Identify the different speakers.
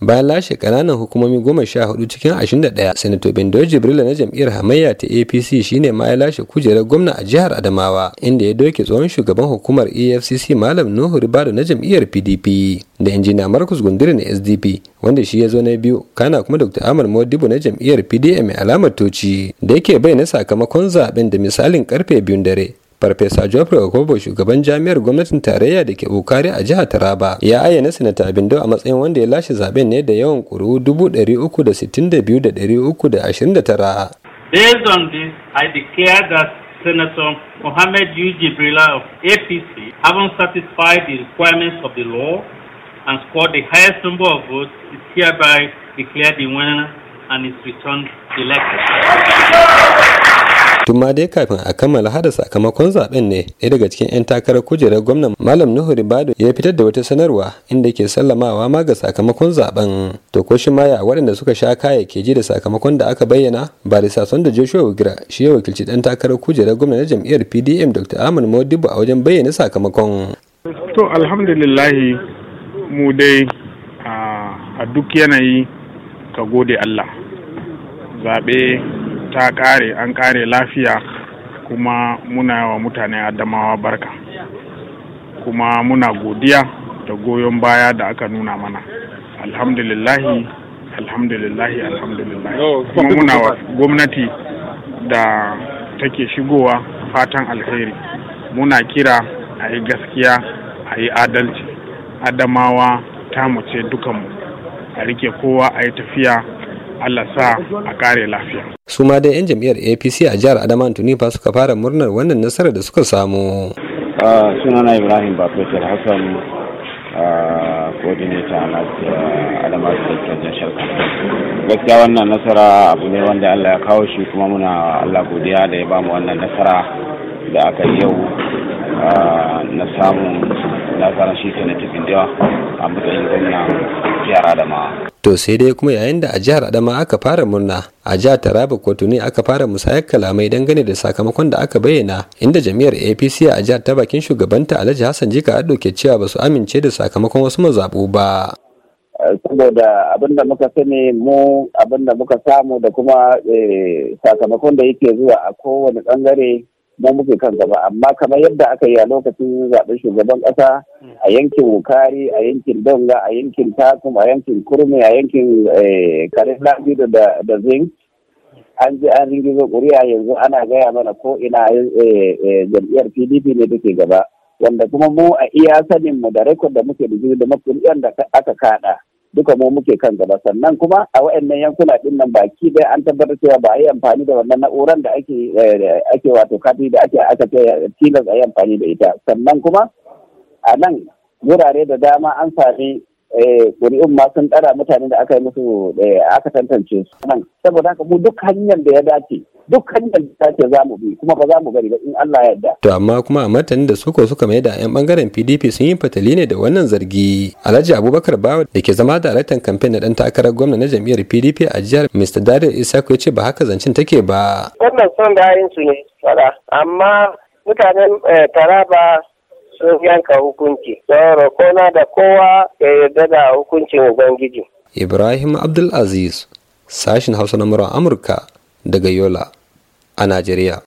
Speaker 1: bayan lashe kananan hukumomi goma sha hudu cikin ashirin da ɗaya sanato bindo jibrila na jam'iyyar hamayya ta apc shine ma ya lashe kujerar gwamna a jihar adamawa inda ya doke tsohon shugaban hukumar efcc malam nuhu ribado na jam'iyyar pdp da injiniya marcus gundiri na sdp wanda shi ya zo na biyu kana kuma dr ahmad modibo na jam'iyyar pdm mai alamar toci da yake bai na sakamakon zaben da misalin karfe biyun dare farfesa jofre okobo shugaban jami'ar gwamnatin tarayya da ke bukari a jihar taraba ya ayyana sanata bindo a matsayin wanda ya lashe zaben ne da yawan ƙuri'u 362,329
Speaker 2: Based on this, I declare that Senator Mohammed U. Jibrila of APC, having satisfied the requirements of the law and scored the highest number of votes, is hereby declared the winner and is returned elected.
Speaker 1: tumma dai kafin a kammala hada sakamakon zaben ne ɗaya daga cikin 'yan takarar kujerar gwamnan Malam Nuhu Ribado ya fitar da wata sanarwa inda ke sallamawa ma ga sakamakon zaben. To ko shi maya waɗanda suka sha kaya ke ji da sakamakon da aka bayyana ba da sason da Joshua Wigira shi ya wakilci ɗan takarar kujerar gwamna na jam'iyyar PDM Dr. Ahmad Modibo a wajen bayyana sakamakon.
Speaker 3: To alhamdulillahi mu dai a duk yanayi ka gode Allah. Zaɓe ta ƙare an ƙare lafiya kuma muna wa mutane adamawa barka kuma muna godiya da goyon baya da aka nuna mana alhamdulillahi alhamdulillahi alhamdulillahi kuma muna wa gwamnati da take shigowa fatan alheri muna kira a yi gaskiya a yi adalci adamawa ta mace dukanmu a rike kowa a yi tafiya Allah sa a kare lafiya.
Speaker 1: Su ma dai 'yan jam'iyyar APC a jihar Adama Tuni ba suka fara murnar wannan nasarar da suka samu. Sunana Ibrahim Bafetar Hassan coordinator na Adama
Speaker 2: State National Gaskiya wannan nasara abu ne wanda Allah ya kawo shi kuma muna Allah godiya da ya bamu wannan nasara da aka yi yau na samun nasarar shi ta na jiwa a matsayin gwamnan jihar Adamawa.
Speaker 1: To sai dai kuma yayin da a jihar Adama aka fara murna, a jihar Taraba kotu ne aka fara musayar kalamai dangane da sakamakon da aka bayyana, inda jami'ar APC a jihar ta bakin shugabanta Alhaji Hassan Jika Ado ke cewa ba su amince da sakamakon wasu mazaɓu ba.
Speaker 2: saboda abin da muka sani mu abin da muka samu da kuma eh, sakamakon da yake zuwa a kowane bangare mu muke kan gaba amma kamar yadda aka yi a lokacin zaɓen shugaban ƙasa a yankin wukari a yankin donga a yankin takum a yankin kurmi a yankin eh, karin lafido da zin an ji an ringizo ƙuri'a yanzu ana gaya mana ko ina eh, eh, jam'iyyar pdp ne take gaba wanda kuma mu a iya sanin mu da rekod da muke da da makuriyar da aka kada duka mu muke kan gaba sannan kuma a waɗannan yankuna din nan baki dai an tabbatar cewa ba a yi amfani da wannan na'uran da ake eh, ake wato kati da ake aka ce tilas a yi amfani da ita sannan kuma a nan wurare da dama an sami ƙuri'un eh, ma sun tsara mutane da aka yi musu eh, aka tantance su saboda haka mu duk hanyar da ya dace duk hanyar da ta za mu bi kuma ba za mu bari ba in Allah ya yarda.
Speaker 1: To amma kuma a martanin da suka suka mai da 'yan bangaren PDP sun yi fatali ne da wannan zargi. Alhaji Abubakar Bawa da ke zama daraktan kamfen na ɗan takarar gwamna na jam'iyyar PDP a jihar Mr. Dariya Isaac ya ce ba haka zancen take ba.
Speaker 2: Wannan son ra'ayin su ne amma mutanen eh, Taraba sun yanka hukunci don rokona da kowa ya yarda da hukuncin ubangiji
Speaker 1: ibrahim abdulaziz sashin hausa na amurka daga yola a najeriya